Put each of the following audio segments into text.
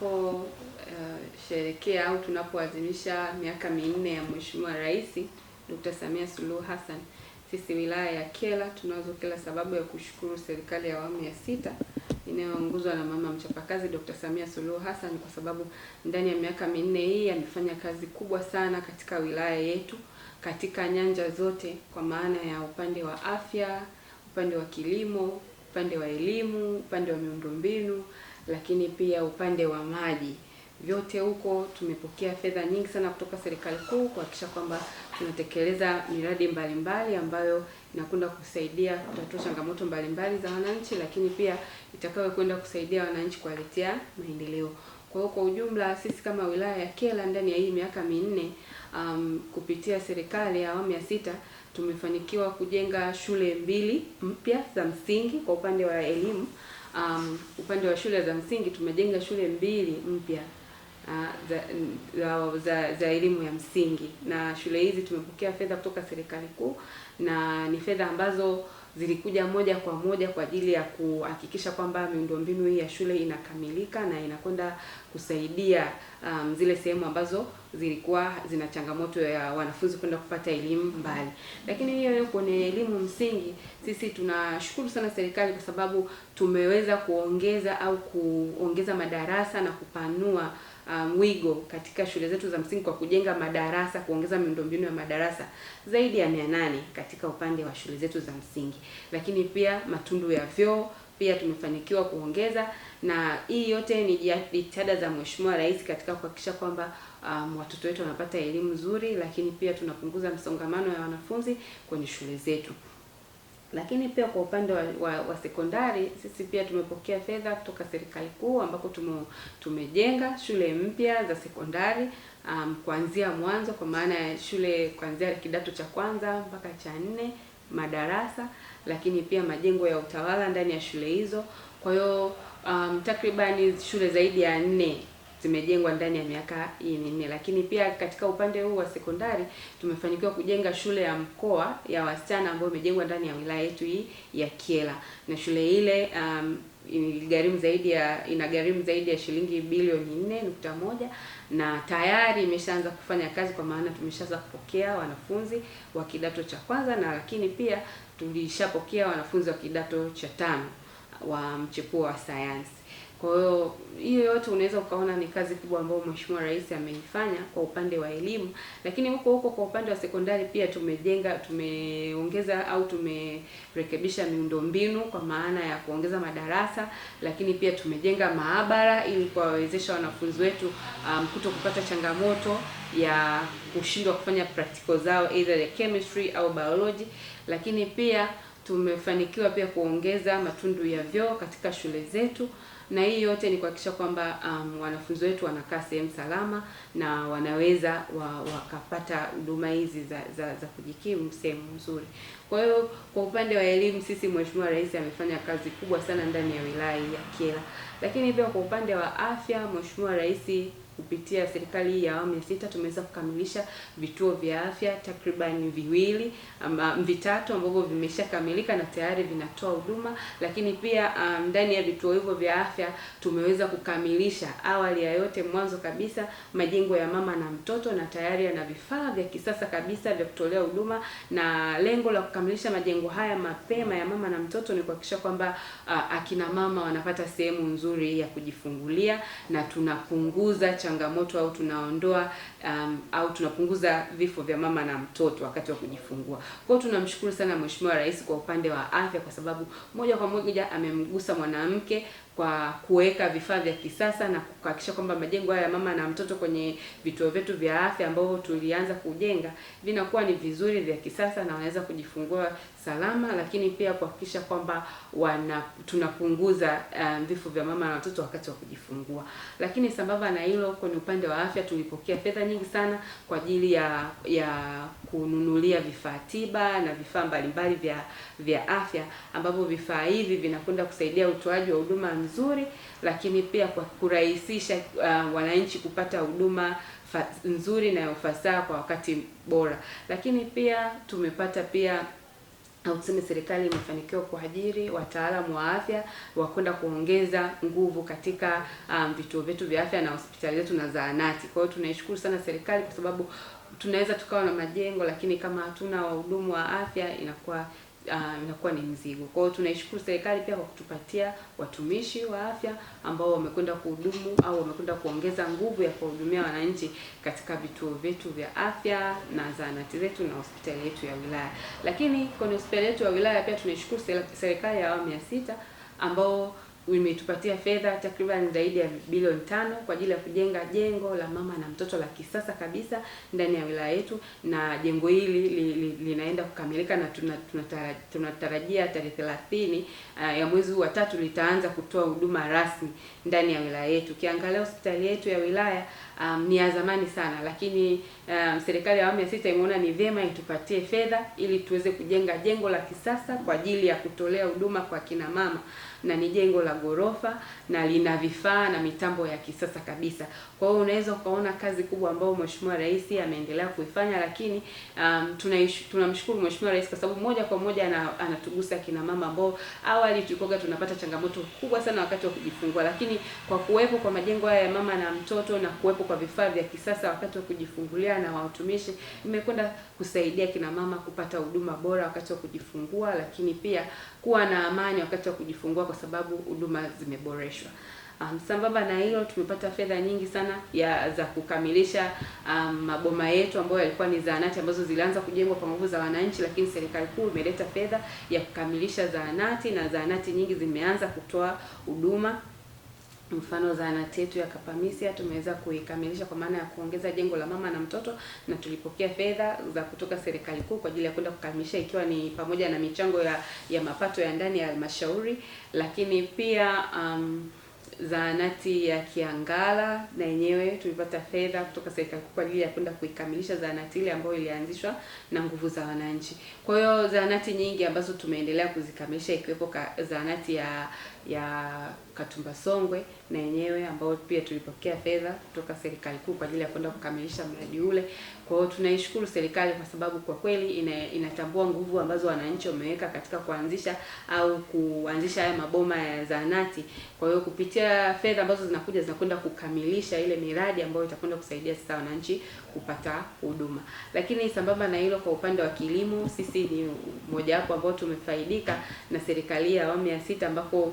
Eh, sherekea au tunapoadhimisha miaka minne ya Mheshimiwa Rais Dr. Samia Suluhu Hassan, sisi wilaya ya Kyela tunazo kila sababu ya kushukuru serikali ya awamu ya sita inayoongozwa na mama mchapakazi Dr. Samia Suluhu Hassan kwa sababu ndani ya miaka minne hii amefanya kazi kubwa sana katika wilaya yetu katika nyanja zote, kwa maana ya upande wa afya, upande wa kilimo, upande wa elimu, upande wa miundombinu lakini pia upande wa maji vyote huko tumepokea fedha nyingi sana kutoka serikali kuu kuhakikisha kwamba tunatekeleza miradi mbalimbali mbali ambayo inakwenda kusaidia kutatua changamoto mbalimbali za wananchi, lakini pia itakayo kwenda kusaidia wananchi kuwaletea maendeleo. Kwa hiyo kwa ujumla, sisi kama wilaya ya Kyela ndani ya hii miaka minne um, kupitia serikali ya awamu ya sita tumefanikiwa kujenga shule mbili mpya za msingi kwa upande wa elimu um, upande wa shule za msingi tumejenga shule mbili mpya uh, za, za, za, za elimu ya msingi na shule hizi tumepokea fedha kutoka serikali kuu na ni fedha ambazo zilikuja moja kwa moja kwa ajili ya kuhakikisha kwamba miundombinu hii ya shule inakamilika na inakwenda kusaidia um, zile sehemu ambazo zilikuwa zina changamoto ya wanafunzi kwenda kupata elimu mbali. Lakini hiyo kwenye elimu msingi, sisi tunashukuru sana serikali kwa sababu tumeweza kuongeza au kuongeza madarasa na kupanua Uh, mwigo um, katika shule zetu za msingi kwa kujenga madarasa, kuongeza miundombinu ya madarasa zaidi ya mia nane katika upande wa shule zetu za msingi, lakini pia matundu ya vyoo pia tumefanikiwa kuongeza, na hii yote ni jitihada za Mheshimiwa Rais katika kuhakikisha kwamba um, watoto wetu wanapata elimu nzuri, lakini pia tunapunguza msongamano ya wanafunzi kwenye shule zetu. Lakini pia kwa upande wa, wa, wa sekondari sisi pia tumepokea fedha kutoka serikali kuu ambako tume, tumejenga shule mpya za sekondari um, kuanzia mwanzo kwa maana ya shule kuanzia kidato cha kwanza mpaka cha nne madarasa, lakini pia majengo ya utawala ndani ya shule hizo. Kwa hiyo um, takribani shule zaidi ya nne zimejengwa ndani ya miaka hii minne, lakini pia katika upande huu wa sekondari tumefanikiwa kujenga shule ya mkoa ya wasichana ambayo imejengwa ndani ya wilaya yetu hii ya Kyela na shule ile um, iligharimu zaidi ya inagharimu zaidi ya shilingi bilioni nne nukta moja na tayari imeshaanza kufanya kazi, kwa maana tumeshaanza kupokea wanafunzi wa kidato cha kwanza na lakini pia tulishapokea wanafunzi wa kidato cha tano wa mchepuo wa sayansi. Kwa hiyo hiyo yote unaweza ukaona ni kazi kubwa ambayo Mheshimiwa Rais ameifanya kwa upande wa elimu, lakini huko huko kwa upande wa sekondari pia tumejenga, tumeongeza au tumerekebisha miundombinu kwa maana ya kuongeza madarasa, lakini pia tumejenga maabara ili kuwawezesha wanafunzi wetu um, kuto kupata changamoto ya kushindwa kufanya practical zao either the chemistry au biology, lakini pia tumefanikiwa pia kuongeza matundu ya vyoo katika shule zetu na hii yote ni kuhakikisha kwamba um, wanafunzi wetu wanakaa sehemu salama na wanaweza wa, wakapata huduma hizi za, za, za kujikimu sehemu nzuri. Kwa hiyo kwa upande wa elimu, sisi Mheshimiwa Rais amefanya kazi kubwa sana ndani ya wilaya ya Kyela, lakini pia kwa upande wa afya Mheshimiwa Rais kupitia serikali ya awamu ya sita tumeweza kukamilisha vituo vya afya takriban viwili ama vitatu ambavyo vimeshakamilika na tayari vinatoa huduma, lakini pia um, ndani um, ya vituo hivyo vya afya tumeweza kukamilisha awali ya yote, mwanzo kabisa, majengo ya mama na mtoto, na tayari yana vifaa vya kisasa kabisa vya kutolea huduma, na lengo la kukamilisha majengo haya mapema ya mama na mtoto ni kuhakikisha kwamba uh, akina mama wanapata sehemu nzuri ya kujifungulia na tunapunguza changamoto au tunaondoa um, au tunapunguza vifo vya mama na mtoto wakati wa kujifungua. Kwa hiyo tunamshukuru sana Mheshimiwa Rais kwa upande wa afya, kwa sababu moja kwa moja amemgusa mwanamke kwa kuweka vifaa vya kisasa na kuhakikisha kwamba majengo haya ya mama na mtoto kwenye vituo vyetu vya afya ambavyo tulianza kujenga vinakuwa ni vizuri vya kisasa na wanaweza kujifungua salama, lakini pia kuhakikisha kwamba wana tunapunguza um, vifo vya mama na watoto wakati wa kujifungua. Lakini sambamba na hilo, kwenye upande wa afya tulipokea fedha nyingi sana kwa ajili ya ya kununulia vifaa tiba na vifaa mbalimbali vya vya afya ambavyo vifaa hivi vinakwenda kusaidia utoaji wa huduma mzuri, lakini pia kwa kurahisisha uh, wananchi kupata huduma nzuri na ufasaha kwa wakati bora. Lakini pia tumepata pia au tuseme serikali imefanikiwa kuajiri wataalamu wa afya wa kwenda kuongeza nguvu katika um, vituo vyetu vya afya na hospitali zetu na zahanati. Kwa hiyo tunaishukuru sana serikali kwa sababu tunaweza tukawa na majengo lakini kama hatuna wahudumu wa afya inakuwa uh, inakuwa ni mzigo. Kwa hiyo tunaishukuru serikali pia kwa kutupatia watumishi wa afya ambao wamekwenda kuhudumu au wamekwenda kuongeza nguvu ya kuwahudumia wananchi katika vituo vyetu vya afya na zahanati zetu na hospitali yetu ya wilaya. Lakini kwenye hospitali yetu ya wilaya pia tunaishukuru serikali ya awamu ya sita ambao imetupatia fedha takriban zaidi ya bilioni tano kwa ajili ya kujenga jengo la mama na mtoto la kisasa kabisa ndani ya wilaya yetu, na jengo hili linaenda li, linaenda kukamilika na tunatarajia tuna, tuna tarehe thelathini uh, ya mwezi huu wa tatu litaanza kutoa huduma rasmi ndani ya wilaya yetu. Ukiangalia hospitali yetu ya wilaya um, ni ya zamani sana, lakini um, serikali ya awamu ya sita imeona ni vyema itupatie fedha ili tuweze kujenga jengo la kisasa kwa ajili ya kutolea huduma kwa kina mama, na ni jengo la ghorofa na lina vifaa na mitambo ya kisasa kabisa. Kwa hiyo unaweza ukaona kazi kubwa ambayo Mheshimiwa Rais ameendelea kuifanya, lakini um, tunamshukuru Mheshimiwa Rais kwa sababu moja kwa moja ana, anatugusa kina mama ambao awali tulikuwa tunapata changamoto kubwa sana wakati wa kujifungua, lakini kwa kuwepo kwa majengo haya ya mama na mtoto na kuwepo wako kwa vifaa vya kisasa wakati wa kujifungulia na watumishi, imekwenda kusaidia kina mama kupata huduma bora wakati wa kujifungua, lakini pia kuwa na amani wakati wa kujifungua kwa sababu huduma zimeboreshwa. Um, sambamba na hilo tumepata fedha nyingi sana ya za kukamilisha um, maboma yetu ambayo yalikuwa ni zahanati ambazo zilianza kujengwa kwa nguvu za wananchi, lakini serikali kuu imeleta fedha ya kukamilisha zahanati na zahanati nyingi zimeanza kutoa huduma. Mfano zahanati yetu ya Kapamisia tumeweza kuikamilisha kwa maana ya kuongeza jengo la mama na mtoto, na tulipokea fedha za kutoka serikali kuu kwa ajili ya kwenda kukamilisha, ikiwa ni pamoja na michango ya, ya mapato ya ndani ya halmashauri, lakini pia um, zahanati ya Kiangala na yenyewe tulipata fedha kutoka serikali kuu kwa ajili ya kwenda kuikamilisha zahanati ile ambayo ilianzishwa na nguvu za wananchi. Kwa hiyo zahanati nyingi ambazo tumeendelea kuzikamilisha ikiwepo zahanati ya ya Katumba Songwe na yenyewe ambayo pia tulipokea fedha kutoka serikali kuu kwa ajili ya kwenda kukamilisha mradi ule. Kwa hiyo tunaishukuru serikali kwa sababu kwa kweli ina, inatambua nguvu ambazo wananchi wameweka katika kuanzisha au kuanzisha haya maboma ya zahanati. Kwa hiyo kupitia fedha ambazo zinakuja zinakwenda kukamilisha ile miradi ambayo itakwenda kusaidia sasa wananchi kupata huduma. Lakini sambamba na hilo, kwa upande wa kilimo, sisi ni mojawapo ambao tumefaidika na serikali ya awamu ya sita ambapo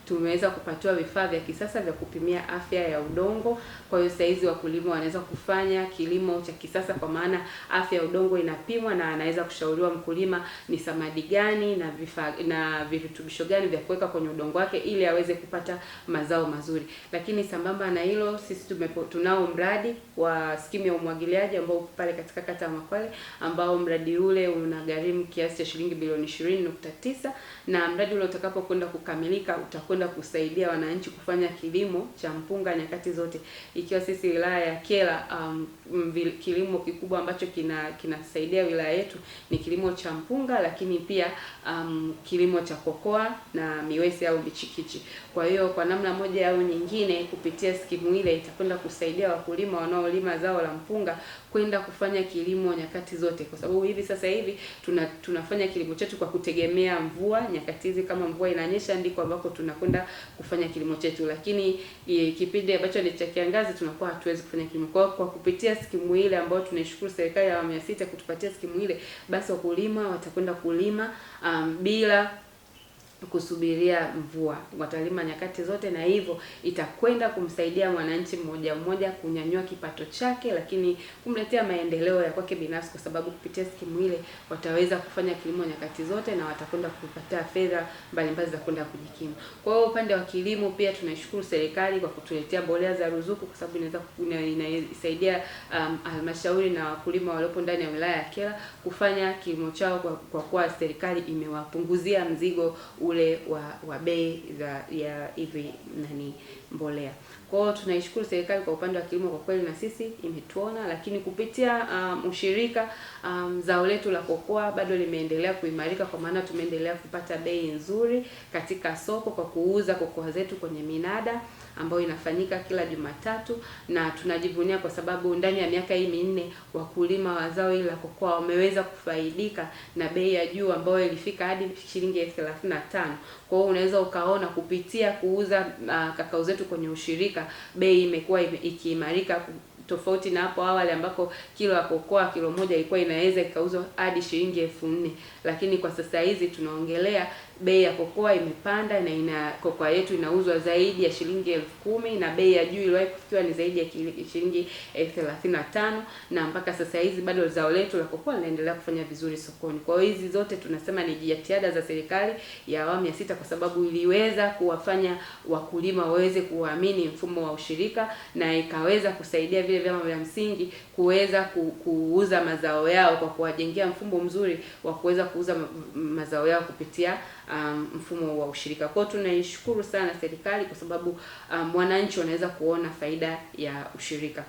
tumeweza kupatiwa vifaa vya kisasa vya kupimia afya ya udongo. Kwa hiyo sasa hizi wakulima wanaweza kufanya kilimo cha kisasa, kwa maana afya ya udongo inapimwa na anaweza kushauriwa mkulima ni samadi gani na vifaa na virutubisho gani vya kuweka kwenye udongo wake ili aweze kupata mazao mazuri. Lakini sambamba na hilo, sisi tumepo, tunao mradi wa skimu ya umwagiliaji ambao uko pale katika kata ya Makwale, ambao mradi ule unagharimu kiasi cha shilingi bilioni 20.9 na mradi ule utakapokwenda kukamilika utakwenda kwenda kusaidia wananchi kufanya kilimo cha mpunga nyakati zote, ikiwa sisi wilaya ya Kyela um, kilimo kikubwa ambacho kina kinasaidia wilaya yetu ni kilimo cha mpunga, lakini pia um, kilimo cha kokoa na miwesi au michikichi. Kwa hiyo kwa namna moja au nyingine, kupitia skimu ile itakwenda kusaidia wakulima wanaolima zao la mpunga kwenda kufanya kilimo nyakati zote, kwa sababu hivi sasa hivi tuna, tunafanya kilimo chetu kwa kutegemea mvua. Nyakati hizi kama mvua inanyesha ndiko ambako tunakwenda kufanya kilimo chetu, lakini e, kipindi ambacho ni cha kiangazi tunakuwa hatuwezi kufanya kilimo. Kwa kwa kupitia skimu ile ambayo tunaishukuru serikali ya awamu ya sita kutupatia skimu ile, basi wakulima watakwenda kulima um, bila kusubiria mvua, watalima nyakati zote, na hivyo itakwenda kumsaidia mwananchi mmoja mmoja kunyanyua kipato chake, lakini kumletea maendeleo ya kwake binafsi, kwa sababu kupitia skimu ile wataweza kufanya kilimo nyakati zote na watakwenda kupata fedha mbalimbali za kwenda kujikimu. Kwa hiyo upande wa kilimo pia tunaishukuru serikali kwa kutuletea mbolea za ruzuku, kwa sababu inaweza inaisaidia um, halmashauri na wakulima waliopo ndani ya wilaya ya Kyela kufanya kilimo chao kwa, kwa kuwa serikali imewapunguzia mzigo u ule wa, wa bei za ya hivi nani mbolea. Kwa hiyo tunaishukuru serikali kwa upande wa kilimo, kwa kweli na sisi imetuona, lakini kupitia um, ushirika um, zao letu la kokoa bado limeendelea kuimarika, kwa maana tumeendelea kupata bei nzuri katika soko kwa kuuza kokoa zetu kwenye minada ambayo inafanyika kila Jumatatu na tunajivunia kwa sababu ndani ya miaka hii minne wakulima wa zao hili la kokoa wameweza kufaidika na bei ya juu ambayo ilifika hadi shilingi elfu thelathini na tano. Kwa hiyo unaweza ukaona kupitia kuuza uh, kakao zetu kwenye ushirika bei imekuwa ikiimarika tofauti na hapo awali ambako kilo ya kokoa kilo moja ilikuwa inaweza ikauzwa hadi shilingi elfu nne, lakini kwa sasa hizi tunaongelea bei ya kokoa imepanda na ina kokoa yetu inauzwa zaidi ya shilingi elfu kumi na bei ya juu iliwahi kufikiwa ni zaidi ya shilingi elfu thelathini na tano na mpaka sasa hizi bado zao letu la kokoa linaendelea kufanya vizuri sokoni. Kwa hiyo hizi zote tunasema ni jitihada za serikali ya awamu ya sita, kwa sababu iliweza kuwafanya wakulima waweze kuamini mfumo wa ushirika na ikaweza kusaidia vile vyama vya msingi kuweza kuuza mazao yao kwa kuwajengea mfumo mzuri wa kuweza kuuza mazao yao kupitia um, mfumo wa ushirika. Kwa hiyo tunaishukuru sana serikali kwa sababu um, wananchi um, wanaweza kuona faida ya ushirika.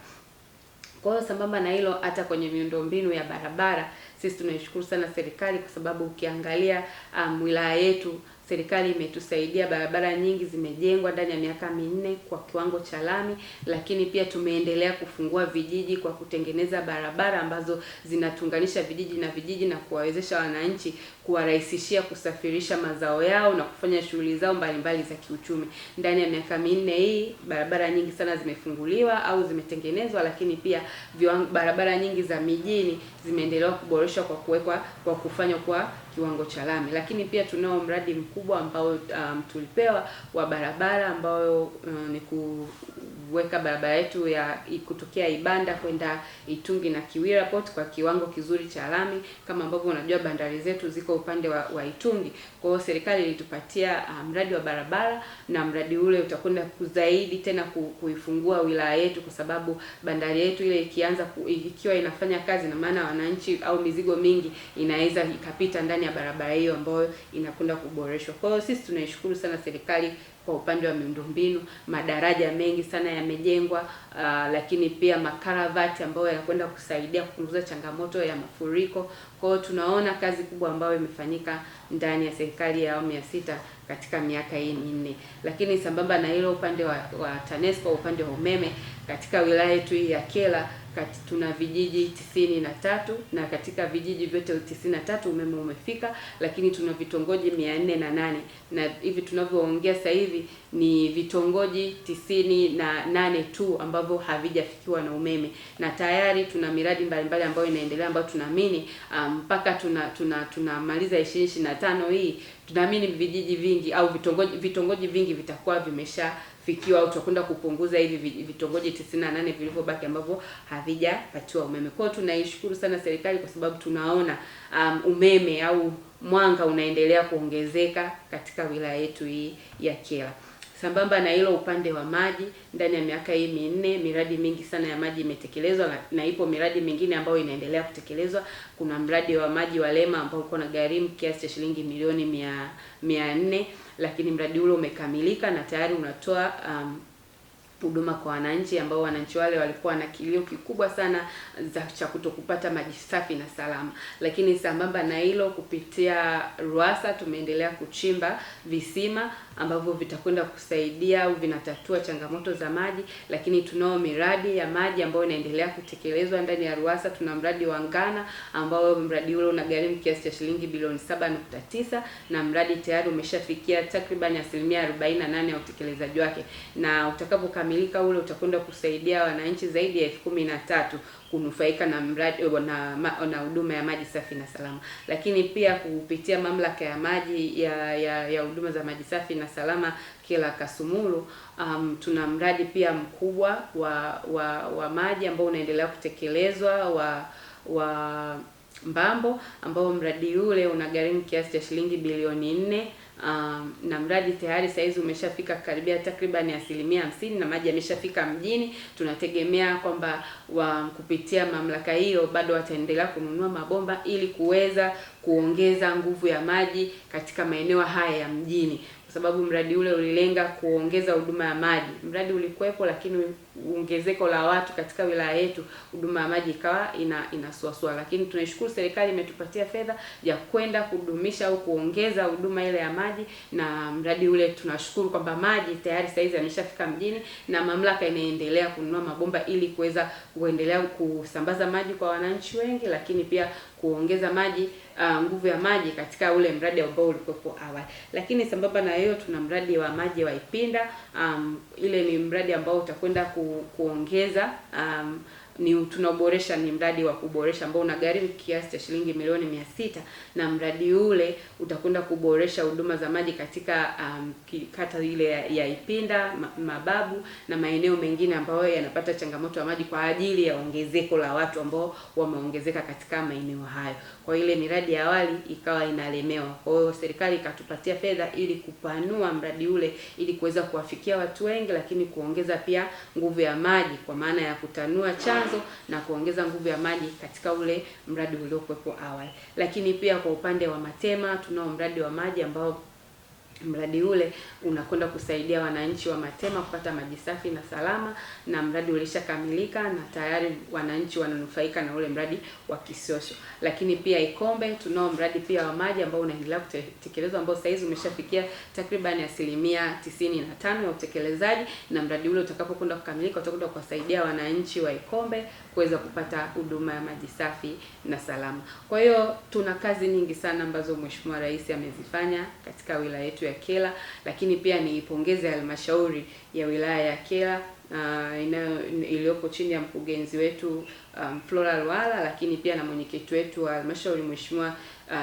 Kwa hiyo sambamba na hilo, hata kwenye miundombinu ya barabara sisi tunaishukuru sana serikali kwa sababu ukiangalia um, wilaya yetu serikali imetusaidia, barabara nyingi zimejengwa ndani ya miaka minne kwa kiwango cha lami, lakini pia tumeendelea kufungua vijiji kwa kutengeneza barabara ambazo zinatunganisha vijiji na vijiji na kuwawezesha wananchi kuwarahisishia kusafirisha mazao yao na kufanya shughuli zao mbalimbali za kiuchumi. Ndani ya miaka minne hii barabara nyingi sana zimefunguliwa au zimetengenezwa, lakini pia viwango, barabara nyingi za mijini zimeendelewa kuboreshwa kwa kuwekwa kwa kufanywa kwa kiwango cha lami. Lakini pia tunao mradi mkubwa ambao um, tulipewa wa barabara ambayo um, ni ku kuweka barabara yetu ya kutokea Ibanda kwenda Itungi na Kiwira Port kwa kiwango kizuri cha lami. Kama ambavyo unajua bandari zetu ziko upande wa, wa Itungi. Kwa hiyo serikali ilitupatia ah, mradi wa barabara na mradi ule utakwenda kuzaidi tena kuifungua wilaya yetu, kwa sababu bandari yetu ile ikianza ku, ikiwa inafanya kazi na maana wananchi au mizigo mingi inaweza ikapita ndani ya barabara hiyo ambayo inakwenda kuboreshwa. Kwa hiyo sisi tunaishukuru sana serikali kwa upande wa miundombinu madaraja mengi sana yamejengwa, uh, lakini pia makaravati ambayo yanakwenda kusaidia kupunguza changamoto ya mafuriko. Kwa hiyo tunaona kazi kubwa ambayo imefanyika ndani ya serikali ya awamu ya sita katika miaka hii minne. Lakini sambamba na hilo, upande wa, wa TANESCO upande wa umeme katika wilaya yetu hii ya Kyela kati, tuna vijiji tisini na tatu na katika vijiji vyote tisini na tatu umeme umefika, lakini tuna vitongoji mia nne na nane na hivi tunavyoongea sasa hivi ni vitongoji tisini na nane tu ambavyo havijafikiwa na umeme, na tayari tuna miradi mbalimbali ambayo inaendelea ambayo tunaamini ah, mpaka um, tuna tunamaliza tuna ishirini ishirini na tano hii tunaamini vijiji vingi au vitongoji vitongoji vingi vitakuwa vimeshafikiwa au tutakwenda kupunguza hivi vitongoji 98 vilivyobaki ambavyo havijapatiwa umeme. Kwa hiyo tunaishukuru sana serikali kwa sababu tunaona um, umeme au mwanga unaendelea kuongezeka katika wilaya yetu hii ya Kyela. Sambamba na hilo, upande wa maji, ndani ya miaka hii minne miradi mingi sana ya maji imetekelezwa na, na ipo miradi mingine ambayo inaendelea kutekelezwa. Kuna mradi wa maji wa Lema ambao uko na gharimu kiasi cha shilingi milioni mia, mia nne, lakini mradi ule umekamilika na tayari unatoa um, huduma kwa wananchi ambao wananchi wale walikuwa na kilio kikubwa sana cha kutokupata maji safi na salama. Lakini sambamba na hilo, kupitia RUWASA tumeendelea kuchimba visima ambavyo vitakwenda kusaidia au vinatatua changamoto za maji, lakini tunao miradi ya maji ambayo inaendelea kutekelezwa ndani ya RUWASA. Tuna mradi wa Ngana ambao mradi ule unagharimu kiasi cha shilingi bilioni 7.9 na mradi tayari umeshafikia takriban asilimia 48 ya utekelezaji wake na utakapokamilika utakapokamilika ule utakwenda kusaidia wananchi zaidi ya elfu kumi na tatu kunufaika na mradi na huduma ya maji safi na salama, lakini pia kupitia mamlaka ya maji ya ya, ya huduma za maji safi na salama kila Kasumulu, um, tuna mradi pia mkubwa wa wa, wa maji ambao unaendelea kutekelezwa wa wa Mbambo ambao mradi ule unagharimu kiasi cha shilingi bilioni nne um, na mradi tayari saizi umeshafika karibia takribani asilimia hamsini na maji yameshafika mjini. Tunategemea kwamba wa kupitia mamlaka hiyo bado wataendelea kununua mabomba ili kuweza kuongeza nguvu ya maji katika maeneo haya ya mjini, kwa sababu mradi ule ulilenga kuongeza huduma ya maji. Mradi ulikuwepo lakini ongezeko la watu katika wilaya yetu, huduma ya maji ikawa ina inasuasua, lakini tunaishukuru serikali imetupatia fedha ya kwenda kudumisha au kuongeza huduma ile ya maji na mradi ule. Tunashukuru kwamba maji tayari sasa hizi yameshafika mjini na mamlaka inaendelea kununua mabomba ili kuweza kuendelea kusambaza maji kwa wananchi wengi, lakini pia kuongeza maji uh, nguvu ya maji katika ule mradi ambao ulikuwepo awali. Lakini sambamba na hiyo, tuna mradi wa maji wa Ipinda um, ile ni mradi ambao utakwenda ku ku, kuongeza um, ni tunaboresha ni mradi wa kuboresha ambao unagharimu kiasi cha shilingi milioni mia sita na mradi ule utakwenda kuboresha huduma za maji katika um, kata ile ya, ya Ipinda Mababu na maeneo mengine ambayo yanapata changamoto ya maji kwa ajili ya ongezeko la watu ambao wameongezeka katika maeneo hayo. Kwa ile miradi ya awali ikawa inalemewa, kwa hiyo serikali ikatupatia fedha ili kupanua mradi ule ili kuweza kuwafikia watu wengi, lakini kuongeza pia nguvu ya maji kwa maana ya kutanua cha mwanzo na kuongeza nguvu ya maji katika ule mradi uliokuwepo awali. Lakini pia kwa upande wa Matema tunao mradi wa maji ambao Mradi ule unakwenda kusaidia wananchi wa Matema kupata maji safi na salama, na mradi ulishakamilika na tayari wananchi wananufaika na ule mradi wa Kisosho. Lakini pia Ikombe tunao mradi pia wa maji ambao unaendelea kutekelezwa ambao sasa hizi umeshafikia takriban asilimia tisini na tano ya utekelezaji, na mradi ule utakapokwenda kukamilika utakwenda kuwasaidia wananchi wa Ikombe kuweza kupata huduma ya maji safi na salama. Kwa hiyo tuna kazi nyingi sana ambazo Mheshimiwa Rais amezifanya katika wilaya yetu ya ya Kyela, lakini pia niipongeze halmashauri ya wilaya ya Kyela uh, iliyoko chini ya mkurugenzi wetu um, Flora Lwala, lakini pia na mwenyekiti wetu wa halmashauri Mheshimiwa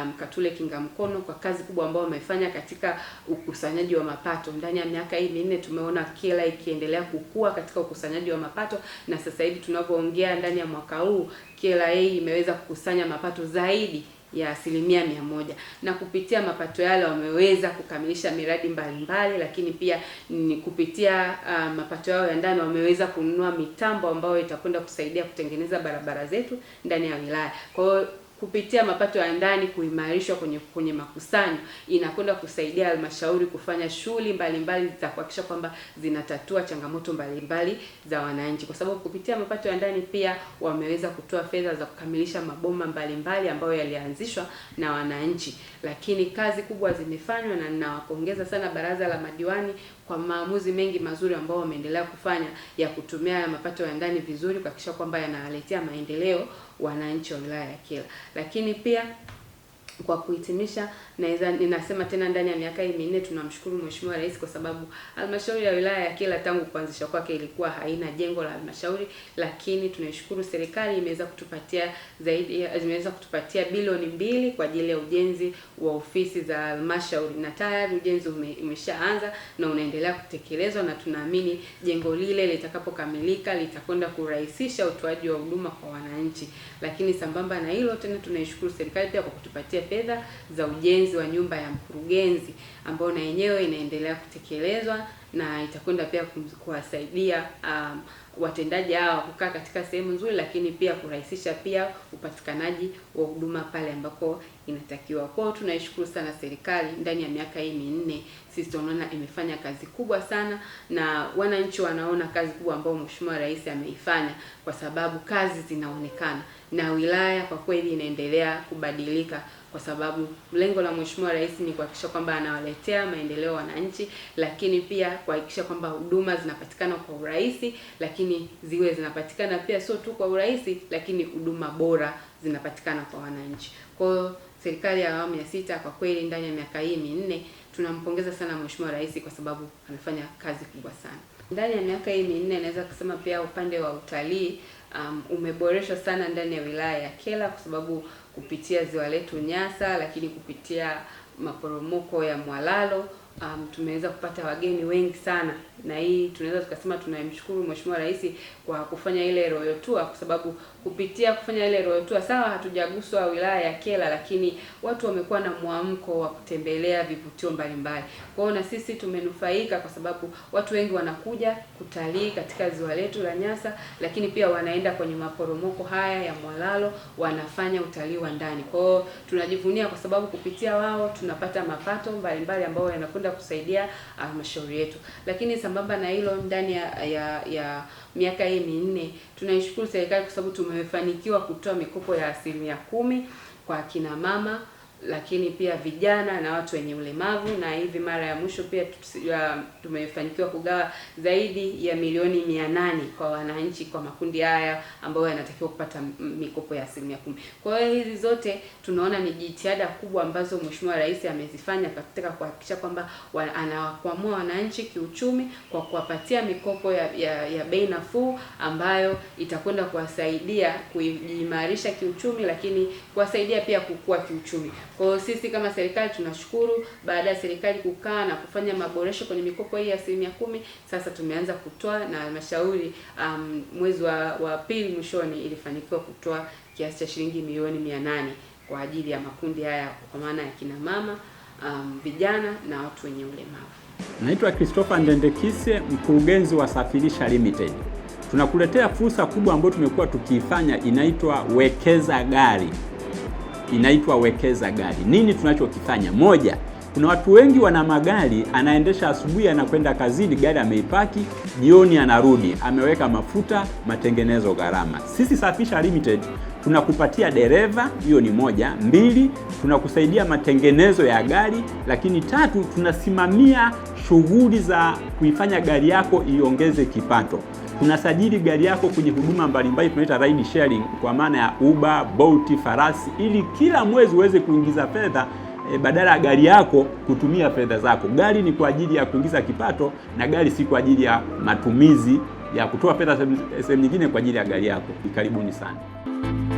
um, Katule mkono kwa kazi kubwa ambayo wamefanya katika ukusanyaji wa mapato. Ndani ya miaka hii minne tumeona Kyela ikiendelea kukua katika ukusanyaji wa mapato, na sasa hivi tunavyoongea, ndani ya mwaka huu Kyela hii imeweza kukusanya mapato zaidi ya asilimia mia moja na kupitia mapato yale wameweza kukamilisha miradi mbalimbali mbali, lakini pia ni kupitia uh, mapato yao ya ndani wameweza kununua mitambo ambayo itakwenda kusaidia kutengeneza barabara zetu ndani ya wilaya. Kwa hiyo kupitia mapato ya ndani kuimarishwa kwenye kwenye makusanyo inakwenda kusaidia halmashauri kufanya shughuli mbalimbali za kuhakikisha kwamba zinatatua changamoto mbalimbali mbali za wananchi, kwa sababu kupitia mapato ya ndani pia wameweza kutoa fedha za kukamilisha maboma mbalimbali mbali ambayo yalianzishwa na wananchi, lakini kazi kubwa zimefanywa na ninawapongeza sana baraza la madiwani kwa maamuzi mengi mazuri ambao wameendelea kufanya ya kutumia haya mapato ya ndani vizuri kuhakikisha kwamba yanawaletea maendeleo wananchi wa wilaya ya Kyela, lakini pia kwa kuhitimisha, naweza ninasema tena ndani ya miaka hii minne tunamshukuru Mheshimiwa Rais kwa sababu halmashauri ya wilaya ya Kyela tangu kuanzishwa kwake ilikuwa haina jengo la halmashauri, lakini tunaishukuru serikali imeweza kutupatia zaidi imeweza kutupatia bilioni mbili kwa ajili ya ujenzi wa ofisi za halmashauri na tayari ujenzi ume, umeshaanza na unaendelea kutekelezwa na tunaamini jengo lile litakapokamilika litakwenda kurahisisha utoaji wa huduma kwa wananchi. Lakini sambamba na hilo tena tunaishukuru serikali pia kwa kutupatia fedha za ujenzi wa nyumba ya mkurugenzi ambayo na yenyewe inaendelea kutekelezwa na itakwenda pia kuwasaidia um, watendaji hawa kukaa katika sehemu nzuri, lakini pia kurahisisha pia upatikanaji wa huduma pale ambako inatakiwa. hiyo tunaishukuru sana serikali, ndani ya miaka hii minne sisi tunaona imefanya kazi kubwa sana, na wananchi wanaona kazi kubwa ambayo Mheshimiwa Rais ameifanya, kwa sababu kazi zinaonekana na wilaya kwa kweli inaendelea kubadilika kwa sababu lengo la Mheshimiwa Rais ni kuhakikisha kwamba anawaletea maendeleo wananchi, lakini pia kuhakikisha kwamba huduma zinapatikana kwa urahisi, lakini ziwe zinapatikana pia sio tu kwa urahisi, lakini huduma bora zinapatikana kwa wananchi. Kwa hiyo serikali ya awamu ya sita kwa kweli ndani ya miaka hii minne tunampongeza sana Mheshimiwa Rais kwa sababu amefanya kazi kubwa sana ndani ya miaka hii minne. Naweza kusema pia upande wa utalii um, umeboreshwa sana ndani ya wilaya ya Kyela kwa sababu kupitia ziwa letu Nyasa, lakini kupitia maporomoko ya Mwalalo um, tumeweza kupata wageni wengi sana, na hii tunaweza tukasema tunamshukuru Mheshimiwa Rais kwa kufanya ile Royal Tour kwa sababu kupitia kufanya ile Royal sawa, hatujaguswa wilaya ya Kyela, lakini watu wamekuwa na mwamko wa kutembelea vivutio mbalimbali. Kwa hiyo na sisi tumenufaika, kwa sababu watu wengi wanakuja kutalii katika ziwa letu la Nyasa, lakini pia wanaenda kwenye maporomoko haya ya Mwalalo, wanafanya utalii wa ndani. Kwa hiyo tunajivunia, kwa sababu kupitia wao tunapata mapato mbalimbali ambayo yanakwenda kusaidia halmashauri yetu. Lakini sambamba na hilo, ndani ya, ya, ya miaka hii minne tunaishukuru serikali kwa sababu tumefanikiwa kutoa mikopo ya asilimia kumi kwa akina mama lakini pia vijana na watu wenye ulemavu. Na hivi mara ya mwisho pia tumefanikiwa kugawa zaidi ya milioni mia nane kwa wananchi, kwa makundi haya ambayo yanatakiwa kupata mikopo ya asilimia kumi. Kwa hiyo hizi zote tunaona ni jitihada kubwa ambazo Mheshimiwa Rais amezifanya katika kuhakikisha kwamba wa, anawakwamua wananchi kiuchumi kwa kuwapatia mikopo ya, ya, ya bei nafuu ambayo itakwenda kuwasaidia kujiimarisha kiuchumi, lakini kuwasaidia pia kukua kiuchumi. Kwa hiyo sisi kama serikali tunashukuru, baada ya serikali kukaa na kufanya maboresho kwenye mikopo hii ya asilimia kumi, sasa tumeanza kutoa na halmashauri um, mwezi wa, wa pili mwishoni ilifanikiwa kutoa kiasi cha shilingi milioni mia nane kwa ajili ya makundi haya kwa maana ya kina mama um, vijana na watu wenye ulemavu. Naitwa Christopher Ndendekise, mkurugenzi wa Safirisha Limited. Tunakuletea fursa kubwa ambayo tumekuwa tukiifanya, inaitwa wekeza gari inaitwa wekeza gari. Nini tunachokifanya? Moja, kuna watu wengi wana magari, anaendesha asubuhi, anakwenda kazini, gari ameipaki, jioni anarudi, ameweka mafuta, matengenezo, gharama. Sisi Safisha Limited tunakupatia dereva, hiyo ni moja. Mbili, tunakusaidia matengenezo ya gari, lakini tatu, tunasimamia shughuli za kuifanya gari yako iongeze kipato unasajili gari yako kwenye huduma mbalimbali tunaita ride sharing, kwa maana ya Uber, Bolt, Farasi, ili kila mwezi uweze kuingiza fedha e, badala ya gari yako kutumia fedha zako. Gari ni kwa ajili ya kuingiza kipato, na gari si kwa ajili ya matumizi ya kutoa fedha sehemu nyingine kwa ajili ya gari yako. Karibuni sana.